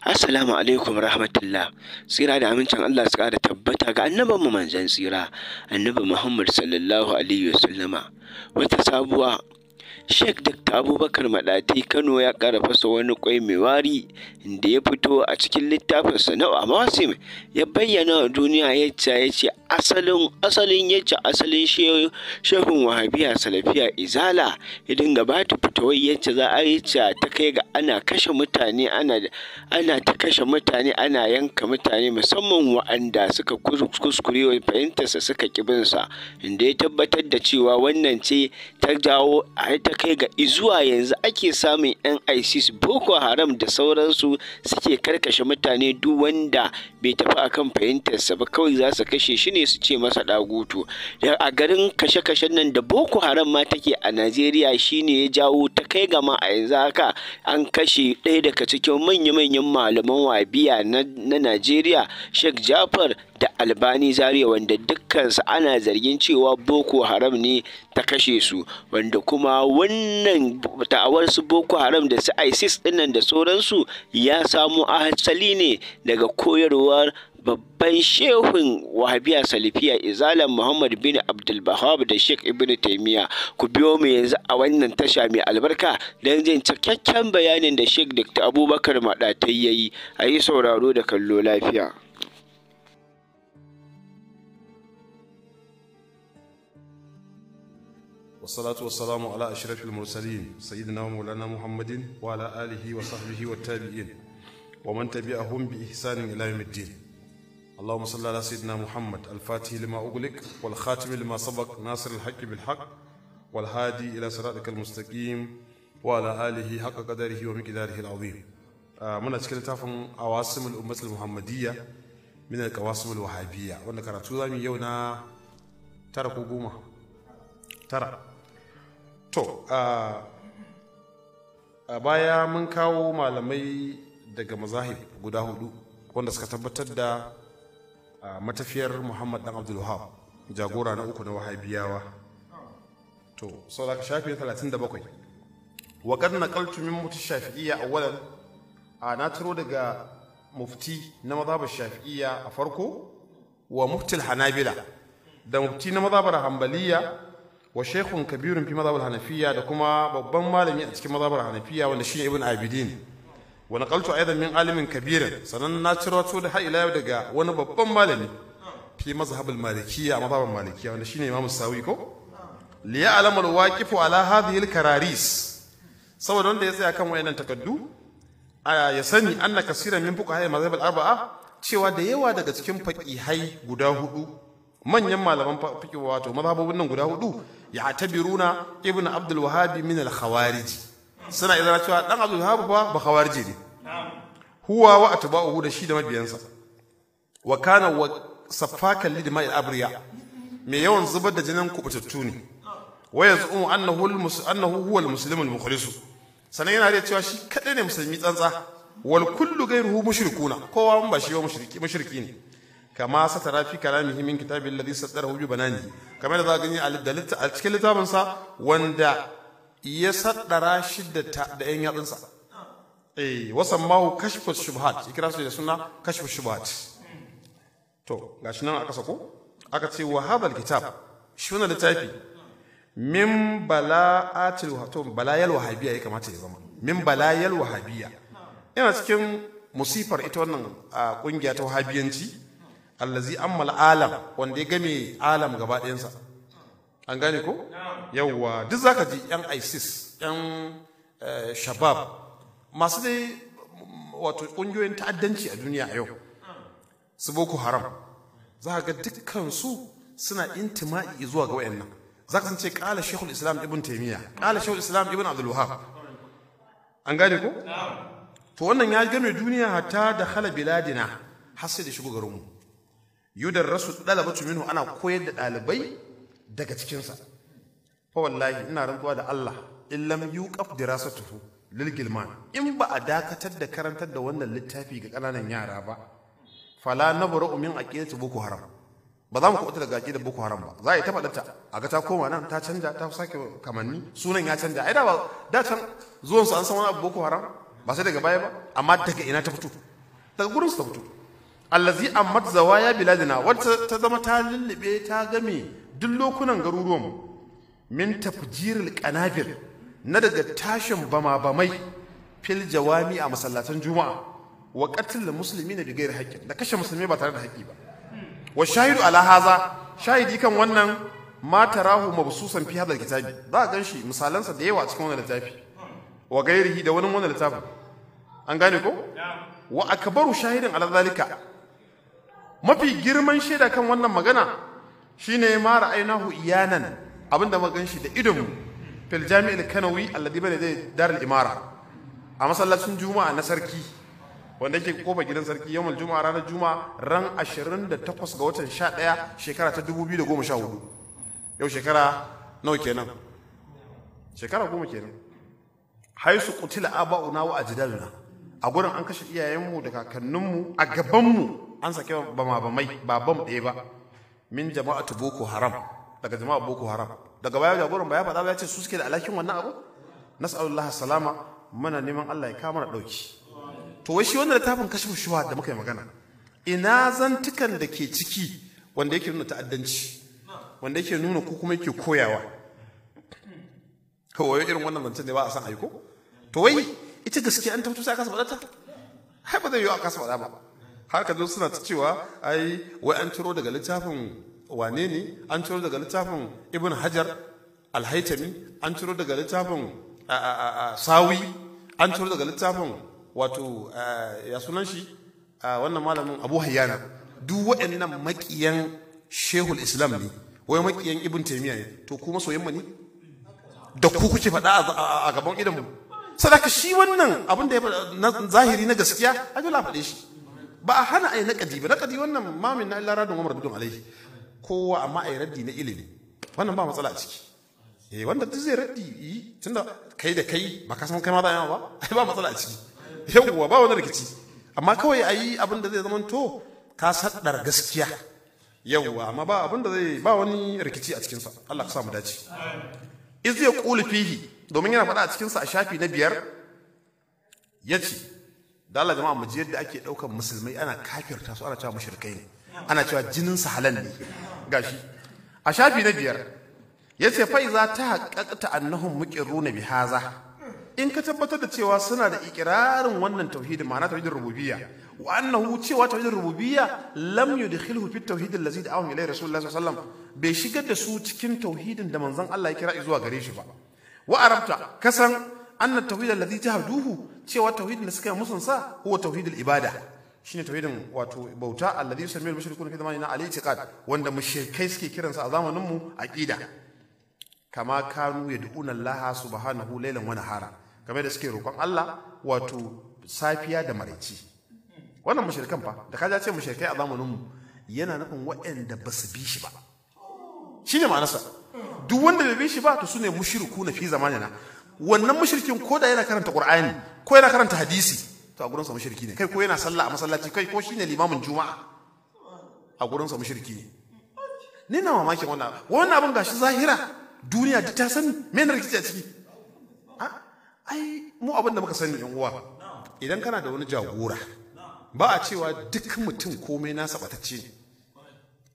Assalamu alaikum rahmatullah. Tsira da amincin Allah su ƙara tabbata ga annaban mu manzon tsira, annabi Muhammad sallallahu alaihi wasallama. Wata sabuwa Sheikh Dr. Abubakar maɗati Kano ya ƙara fasa wani ƙwai mai wari da ya fito a cikin littafinsa na Amasim ya bayyana wa duniya yadda ya ce asalin asalin yadda asalin shehun wahabiya salafiya izala ya dinga ba ta fitowar za a yi ta kai ga ana kashe mutane ana ana ta kashe mutane ana yanka mutane musamman wa'anda suka kuskure wa fahimtarsa suka sa inda ya tabbatar da cewa wannan ce ta jawo a ta kai ga izuwa yanzu ake samun 'yan isis boko haram da sauransu suke karkashe mutane duk wanda bai tafi akan fahimtarsa ba kawai za su kashe shi ne su ce masa dagutu a garin kashe-kashen nan da boko haram ma take a najeriya shine ya jawo ta kai ga ma a yanzu haka an kashe ɗaya daga cikin manya-manyan malaman wabiya na najeriya sheikh jafar da Albani Zaria wanda dukkansu ana zargin cewa Boko Haram ne ta kashe su wanda kuma wannan ta'awar su Boko Haram da su ISIS dinnan da sauransu ya samo asali ne daga koyarwar babban shehun wahabiya salifiya izalan muhammad bin abdul bahab da sheikh ibn taimiya ku biyo mu yanzu a wannan tasha mai albarka don jin cikakken bayanin da sheikh dr abubakar maɗatai ya yi a yi sauraro da kallo lafiya والصلاة والسلام على أشرف المرسلين سيدنا مولانا محمد وعلى آله وصحبه والتابعين ومن تبعهم بإحسان إلى يوم الدين اللهم صل على سيدنا محمد الفاتح لما أغلق والخاتم لما سبق ناصر الحق بالحق والهادي إلى صراطك المستقيم وعلى آله حق قدره ومقداره العظيم من أشكال تافهم عواصم الأمة المحمدية من القواسم الوهابية وأنا كراتو يونا ترى ترى to a baya mun kawo malamai daga mazahib guda hudu wanda suka tabbatar da matafiyar muhammad dan abdul wahab jagora na uku na wahabiyawa to sau da ka shafi 37 waƙar na ƙaltumin mutu shafi'iyya wadar, a na turo daga mufti na mazhabar shafi'iyya a farko wa muftil hanabila da mufti na mazhabar hambaliya wa shaykhun kabiru fi madhhabul hanafiya da kuma babban malami a cikin madhhabul hanafiya wanda shi ibn abidin wa a aidan min alimin kabirin sanan na ciro to da har ila daga wani babban malami fi mazhabul a mazhabul malikiyya wanda ne imamu sawi ko liya alamar al-waqifu ala kararis saboda wanda ya tsaya kan wayannan takaddu ya sani anna kaseeran min haya mazhabul arba'a cewa da yawa daga cikin fakihai guda hudu manyan malaman fiqh wato mazhabobin nan guda hudu ya tabiruna ibnu abdul wahhab min al khawarij suna idara cewa dan abdul wahhab ba ba khawarij ne huwa wa atba'uhu da shi da mabiyansa wa kana wa safakan lidma'il abriya mai yawan zubar da jinin kubutattu ne wa yaz'umu annahu annahu huwa al muslim al mukhlis sanan yana da cewa shi kadai ne musulmi tsantsa wal kullu ghayruhu mushrikuna kowa ba shi ba mushriki mushriki ne kama satara fi kalamihi min kitabi alladhi satarahu bi banani kamar da za gani a cikin littafinsa wanda ya saddara shi da yan sa eh wasan mahu kashfu shubhat ikra su da suna kashfu shubhat to gashi nan aka sako aka ce wa hadal kitab shi wannan littafi min bala'atil wato balayal wahabiyya ya kamata ya zama min balayal wahabiyya yana cikin musifar ita wannan kungiya ta wahabiyanci allazi ammal alam wanda ya game alam gaba ɗayansa an gane ko yawwa duk zaka ji yan isis yan eh, shabab masu dai wato ƙungiyoyin ta'addanci a duniya a yau su boko haram za ga dukkansu suna intima'i zuwa ga wayannan za ka ce kala shekul islam ibn taimiyya Kala shekul islam ibn abdul an gane ko to wannan ya game duniya hatta da hala biladina har sai da shigo garinmu yudar rasu ɗalabatu minhu ana koyar da ɗalibai daga cikinsa fa wallahi ina rantsuwa da Allah in lam yuqaf dirasatuhu lil gilman in ba a dakatar da karantar da wannan littafi ga kananan yara ba fala nabra'u min aqidati boko haram ba za mu kwata daga aqidar boko haram ba za a yi ta a ga ta koma nan ta canja ta sake kamanni sunan ya canja ai da ba da can zuwansu an san wani abu boko haram ba sai daga baya ba amma daga ina ta fito daga gurinsu ta fito allazi ammat zawaya biladina wacce ta zama ta lullube ta game duk lokunan garuruwan min tafjiril qanabil na daga tashin bama-bamai fil jawami a masallatan juma'a wa qatl muslimina bi ghairi haqqin da kashe musulmi ba tare da haƙƙi ba wa shahidu ala haza shahidi kan wannan ma tarahu mabsusan fi hadal kitabi za a ganshi sa da yawa a cikin wannan littafi wa ghairihi da wani wannan littafin an gane ko wa akbaru shahidin ala zalika mafi girman shaida kan wannan magana shine ma ra'aynahu iyanan abinda muka ganshi da idonmu fil jami'il kanawi alladhi bane zai darul imara a masallacin juma'a na sarki wanda yake kofa gidan sarki yawmal juma'a ranar juma'a ran 28 ga watan 11 shekara ta 2014 yau shekara nawa kenan shekara goma kenan haisu qutila aba'una wa ajdaluna a gurin an kashe iyayenmu da kakanninmu a gabanmu an sake ba ma ba mai ba bam ɗaya ba min jama'atu boko haram daga jama'a boko haram daga baya jagoran ba ya faɗa ba ya ce su suke da alhakin wannan abu nas'alullahi salama mana neman Allah ya kama na ɗauki to wai shi wannan littafin kashfu shuwa da muka yi magana ina zantukan da ke ciki wanda yake nuna ta'addanci wanda yake nuna ko kuma yake koyawa kawai irin wannan zance ne ba a san aiko to wai ita gaskiya an tabbatar sai aka saba ta hai ba zai yiwu aka saba ba har ka zo suna ta cewa ai wai an ciro daga littafin wane ne an ciro daga littafin ibn hajar alhaitami an ciro daga littafin sawi an ciro daga littafin wato ya sunan shi wannan malamin abu hayyana duk waɗannan maƙiyan shehul islam ne wai maƙiyan ibn taimiya ne to kuma soyayya ne da ku kuke faɗa a gaban idanmu sadaka shi wannan abin da ya zahiri na gaskiya a dole a faɗe shi ba a hana a yi naƙadi ba naƙadi wannan mamin na illa radon umar dukkan alaihi kowa amma a yi raddi na ilimi wannan ba matsala a ciki eh wanda duk zai raddi yi da kai da kai ba ka san kai ma za a yi ba ai ba matsala a ciki yawwa ba wani rikici amma kawai a yi abin da zai zamanto ka saddar gaskiya yawwa amma ba abin da zai ba wani rikici a cikinsa Allah ka sa mu dace iz ya qulu fihi domin yana faɗa a cikinsa a shafi na biyar yace da Allah jama'a mu yadda ake daukan musulmai ana kafirta su ana cewa mushrikai ne ana cewa jinin su halal ne gashi a shafi na biyar yace fa iza tahaqqaqta annahum muqirruna bi haza in ka tabbatar da cewa suna da ikirarin wannan tauhidi ma'ana tauhidin rububiyya wa annahu cewa tauhidin rububiyya lam yudkhilhu fi tauhid allazi da'ahu ilayhi rasulullah sallallahu alaihi wasallam bai shigar da su cikin tauhidin da manzon Allah ya kira zuwa gare shi ba wa arabta kasan anna tauhid allazi tahduhu cewa tauhidin da suka yi musun sa huwa tauhidul ibada shine tauhidin wato bauta alladhi yusammi al-mushrikuna fi zamanina al-i'tiqad wanda mushrikai suke kiransa a zamanin mu aqida kama kanu yad'una Allah subhanahu laylan wa hara. kamar da suke roƙon Allah wato safiya da maraici wannan mushrikan fa da kaja ce mushrikai a zamanin mu yana nufin waɗanda ba su bi shi ba shine ma'anarsa duk wanda bai bi shi ba to sune mushrikuna fi zamanina wannan mushrikin ko da yana karanta qur'ani ko yana karanta hadisi to a gurinsa mushriki ne kai ko yana sallah a masallaci kai ko shine limamin juma'a a gurinsa mushriki ne ni na mamakin wannan wannan abin gashi zahira duniya duk ta sani me ne rikici a ciki ai mu abin da muka sani yan uwa idan kana da wani jagora ba a cewa duk mutum komai nasa batacce ne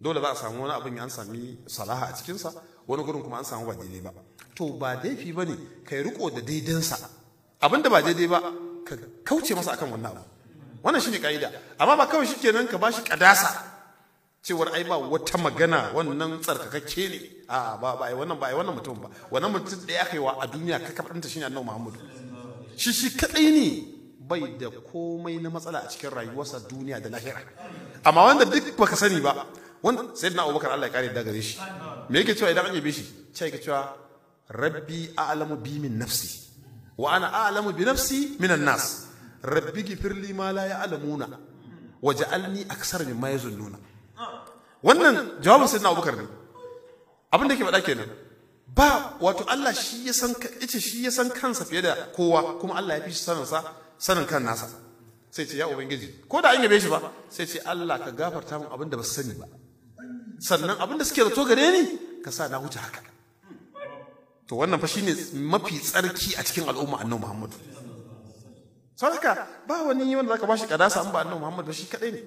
dole za a samu wani abin an sami salaha a cikinsa wani gurin kuma an samu ba daidai ba to ba daifi ba ne ka yi riko da daidansa sa da ba daidai ba ka kauce masa akan wannan abu wannan shine ka'ida amma ba kawai shikenan ka bashi kadasa cewar ai ba wata magana wannan tsarkakakke ne a ba ba ai wannan ba ai wannan mutum ba wannan mutum da aka yi wa a duniya ka kafanta shine Annabi Muhammadu shi shi kadai ne bai da komai na matsala a cikin rayuwarsa duniya da lahira amma wanda duk baka sani ba wanda sayyidina Abubakar Allah ya kare daga gare shi me yake cewa idan an yabe shi sai yake cewa rabbi a'lamu bi min nafsi wa ana a'lamu bi nafsi minan nas rabbi gifirli ma la ya'lamuna wa ja'alni ma mimma yazunnuna wannan jawabin sayyidina Abubakar ne abin da yake faɗa kenan ba wato Allah shi ya san ita shi ya san kansa fiye da kowa kuma Allah ya fi shi sanin sa sanin kan nasa sai ce ya ubangiji ko da an yabe shi ba sai ce Allah ka gafarta min abin da ba sani ba sannan abin da suke zato gare ni ka sa na huta haka to wannan fa shine mafi tsarki a cikin al'umma annabi Muhammad saraka ba wani yi wanda zaka bashi kadasa an ba annabi Muhammad ba shi kadai ne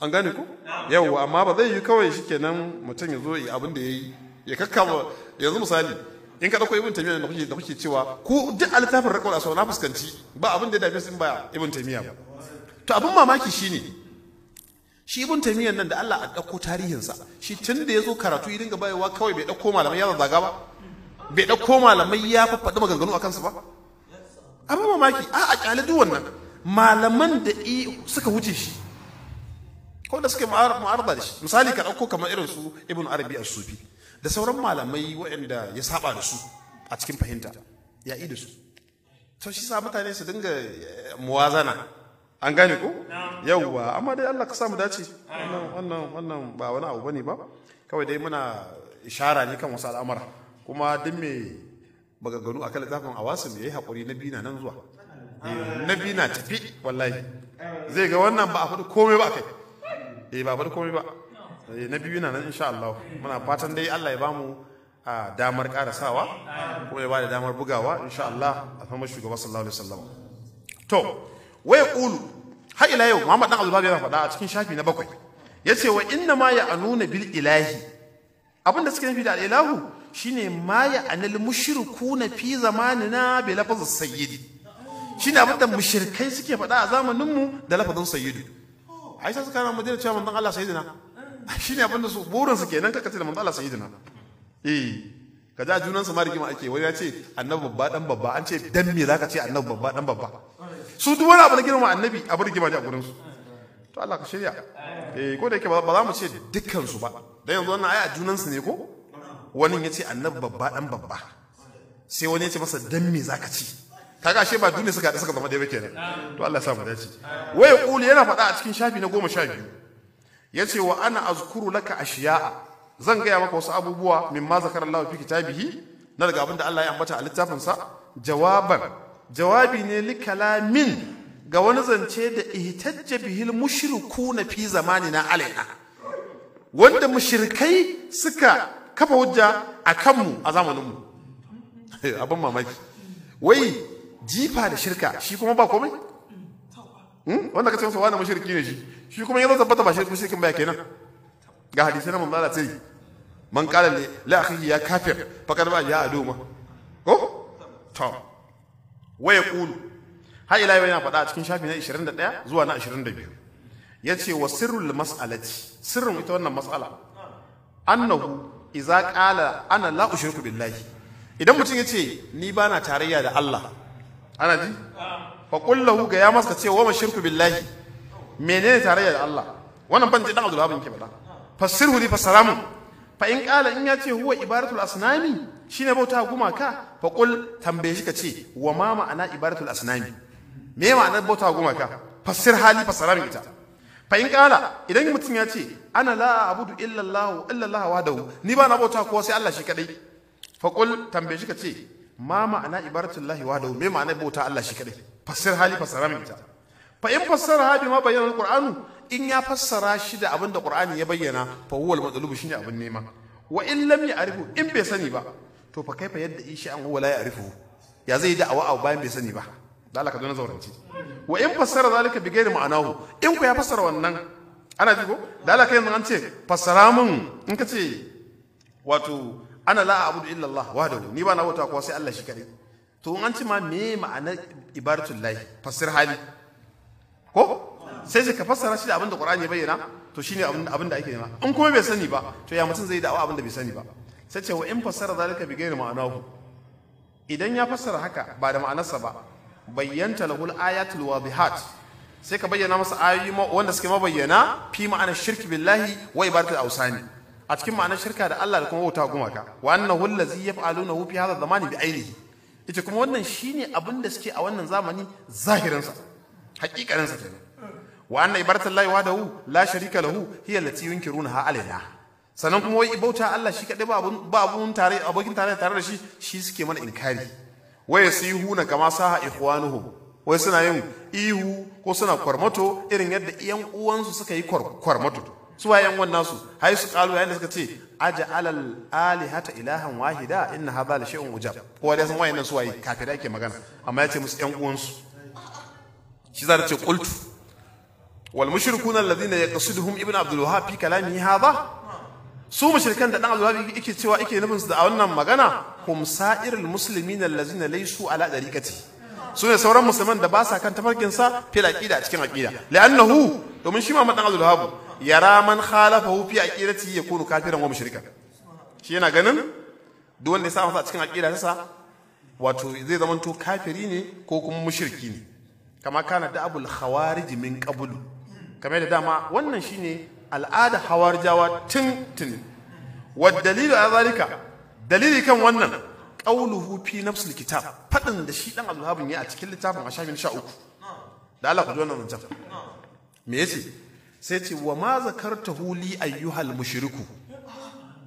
an gane ku yawwa amma ba zai yi kawai shikenan mutum ya zo yi abin da yayi ya kakkama yanzu misali in ka dauko ibn taymiya da kuke da kuke cewa ku duk altafin a sau na fuskanci ba abin da ya dame sun in ba ibn taymiya ba to abin mamaki shine shi ibn taymiya nan da Allah a dauko tarihinsa shi tun da ya zo karatu ya dinga bayewa kawai bai dauko malamai ya zaga ba bai ɗauko malamai ya faɗi maganganu a kansu ba abin mamaki a a ƙyale duk wannan malaman da suka wuce shi ko da suka ma'arba da shi misali ka ɗauko kamar irin su ibn arabi al sufi da sauran malamai waɗanda ya saba da su a cikin fahimta ya da su to shi sa mutane su dinga eh, muwazana an gane ko yawwa amma dai Allah ka samu dace wannan wannan wannan ba wani abu bane ba kawai dai muna ishara ne kan wasu al'amura kuma duk mai magaganu akan littafin awasim yayi hakuri na bina nan zuwa na bina tafi wallahi zai ga wannan ba a faɗi komai ba kai eh ba a faɗi komai ba eh, na biyu na nan insha Allah muna fatan dai Allah ya bamu a damar karasawa kuma ya bada damar bugawa insha Allah alhamdu shugaba sallallahu alaihi wasallam to waya qulu har ila yau Muhammad dan Abdullah ya faɗa a cikin shafi na bakwai yace wa inna ma ya anuna bil ilahi abinda suke nufi da al ilahu shine ma ya anil na fi zamanina bi lafazin sayyidi shine abin da mushrikai suke faɗa a zamanin mu da lafazin sayyidu aisha suka na madina cewa manzon Allah sayyidina shine abin da su burin su kenan kaka ce da manzon Allah sayyidina eh ka ja junansu ma rigima ake wani ya ce annabi babba dan babba an ce dan me zaka ce annabi babba dan babba su duk wani abu na girma annabi abu rigima ne a gurin su to Allah ka shirya eh ko da yake ba za mu ce dukkan su ba dan yanzu wannan ai a junansu ne ko wani ya ce annabi babba dan babba sai wani ya ce masa dan me zaka ci kaga ashe ba duniya suka suka zama daidai kenan to Allah ya sa mu dace wa kuli yana faɗa a cikin shafi na goma sha biyu yace wa ana azkuru laka ashiya'a zan gaya maka wasu abubuwa mimma zakara Allah fi kitabihi na daga abinda Allah ya ambata a sa? jawaban jawabi ne li kalamin ga wani zance da ihtajja bihil na fi na alaina wanda mushrikai suka kafa hujja a kanmu a zamaninmu abin mamaki wai jifa da shirka shi kuma ba komai hmm? wanda ka ce wani mashirki ne shi shi kuma yanzu zabbata ba shirkin shirkin ba kenan ga hadisi na manzala sai man kala ne la ya kafir fakar ba ya ma ko to waya kulu har ila yau yana faɗa a cikin shafi na 21 zuwa na 22 ce wa sirrul mas'alati sirrin ita wannan mas'ala annahu iza qala ana la ushriku billahi idan mutum yace ni bana tarayya da Allah ana ji fa qul lahu ga ya masa ce wa shirku billahi menene tarayya da Allah wannan ban ji dan Abdul Wahab ke Fasirhu fassirhu li fasaramu fa in qala in yace huwa ibaratul asnami shine bauta gumaka fa qul tambaye shi ka ce wa ma ma'ana ibaratul asnami me ma'anar bauta gumaka Fasir hali fasaramu ita Fa in kala idan mutum ya ce ana la abudu illallahu illallahu wahdahu ni ba na bauta ko sai Allah shi kadai fa qul tambaye shi ka ce ma ma'ana ibaratullahi wahdahu me ma'ana bauta Allah shi kadai fasir hali fassara min ta fa in fassara habi ma bayyana alqur'anu in ya fassara shi da abin da qur'ani ya bayyana fa huwa almatlubu shine abin nema wa in lam ya'rifu in bai sani ba to fa kai fa yadda shi an huwa la ya'rifu ya zai da awa abu bayan bai sani ba da Allah ka zo na zauranci wa in fassara zalika bi gairi ma'anahu in ku ya fassara wannan ana ji ko da Allah kai an ce fassara mun in ka ce wato ana la abudu illa Allah wahdahu ni ba na wata ko sai Allah shi kadai to in an ce ma me ma'ana ibaratul lahi fassir hali ko sai sai ka fassara shi da abin da Qur'ani ya bayyana to shine abin da ake nema in kuma bai sani ba to ya mutum zai da'awa abin da bai sani ba sai ce wa in fassara zalika bi gairi ma'anahu idan ya fassara haka ba da ma'anarsa ba bayyanta lahul ayatul wadihat sai ka bayyana masa ayoyi wanda suke mabayyana fi ma'anar shirki billahi wa ibadatul awsani a cikin ma'anar shirka da Allah da kuma wauta gumaka wa annahu allazi yaf'aluna fi hadha zamani bi ainihi ita kuma wannan shine abin da suke a wannan zamani zahirinsa hakikarinsa kenan wa anna ibaratallahi wahdahu la sharika lahu hiya allati yunkirunaha alaina sannan kuma wai bauta Allah shi kadai ba ba abun tare abokin tare tare da shi shi suke mana inkari yi na kama saha ikhwanuhum wai suna yin ihu ko suna kwarmato irin yadda iyan uwansu suka yi kwarmato su waye yan wannan su hai su kalu yayin da suka ce aja alal alihata ilahan wahida inna hadha la shay'un ujab kowa dai san wayannan su waye kafira yake magana amma yace ce musu yan uwansu shi za ta ce qultu wal mushrikuna alladhina yaqsiduhum ibn abdul wahhab fi kalami hadha su mushrikan da dan alwabi yake cewa yake nufin su da wannan magana hum sa'irul muslimin allazina laysu ala dariqati su ne sauran musulman da ba sa kan tafarkin sa fil aqida cikin aqida li'annahu domin shi ma dan alwabi yara man khalafahu fi aqidati yakunu kafiran wa mushrikan shi yana ganin duk wanda ya sa masa cikin aqida sa wato zai zama to kafiri ne ko kuma mushriki ne kama kana da abul khawarij min qablu kamar da dama wannan shine al'ada jawa tun tuni wadda dalilu a zalika dalili kan wannan qauluhu fi nafsul kitab fadin da shi dan azhabin ya a cikin littafin a shafin sha uku da Allah ku ji wannan zancen me yace sai ce wa ma zakartahu li ayyuhal mushriku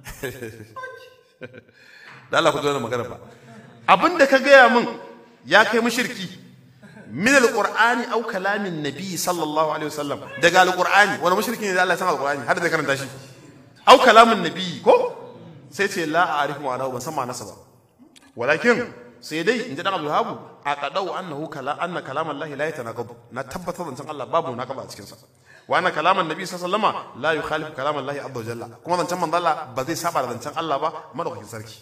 da Allah ku ji wannan magana ba abinda ka gaya min ya kai mushriki min alqur'ani au kalamin nabi sallallahu alaihi wasallam daga alqur'ani wani mushriki ne da Allah ya san alqur'ani har da karanta shi aw kalamin nabi ko sai ce la a'rifu ma'ana ban san ma'anarsa ba walakin sai dai in ji dan Habu a qadau annahu anna kalam Allah la na tabbatar da san Allah babu na kaba a cikin sa wa anna kalam annabi sallallahu alaihi wasallam la yukhalifu kalam Allah azza kuma zancan manzo ba zai saba da Allah ba madaukakin sarki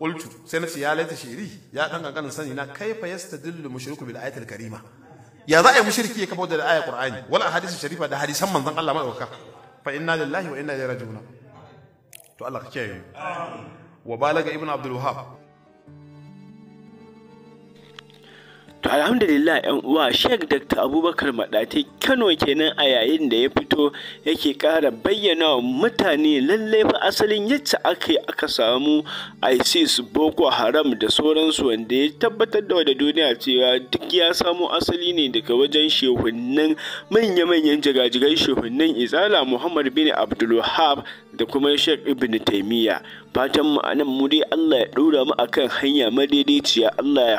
qultu sai nace ya laita shiri ya dan kankanin sani na kaifa yastadillu mushriku bil ayatil karima ya za a yi mushriki ya kafa da ayat qur'ani wal ahadith sharifa da hadisan manzon Allah madauka fa inna lillahi wa inna ilaihi raji'un To alhamdulillah ‘yan uwa Sheikh Dr. Abubakar Madate Kano kenan a yayin da ya fito yake ƙara bayyana wa mutane lallai fa asalin yadda aka aka samu ISIS Boko Haram da sauransu wanda ya tabbatar da wada duniya cewa duk ya samu asali ne daga wajen shehunnan manya-manyan jigajigan shehunnan Izala Muhammad bin Abdulwahab da kuma Sheikh Ibn Taimiyya. Fatan mu anan mu dai Allah ya ɗora mu akan hanya madaidaiciya Allah ya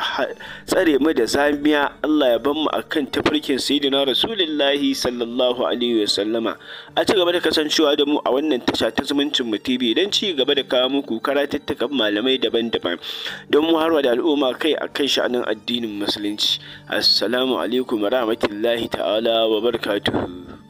tsare mu da zamiya Allah ya ban mu a kan tafarkin sayyidina rasulullahi sallallahu alaihi sallama a ci gaba da kasancewa da mu a wannan tasha ta zumuncin mu TV don ci gaba da kawo muku karatuttukan malamai daban-daban don mu harwa da al'umma kai a kan sha'anin addinin musulunci assalamu alaikum wa rahmatullahi ta'ala wa barakatuhu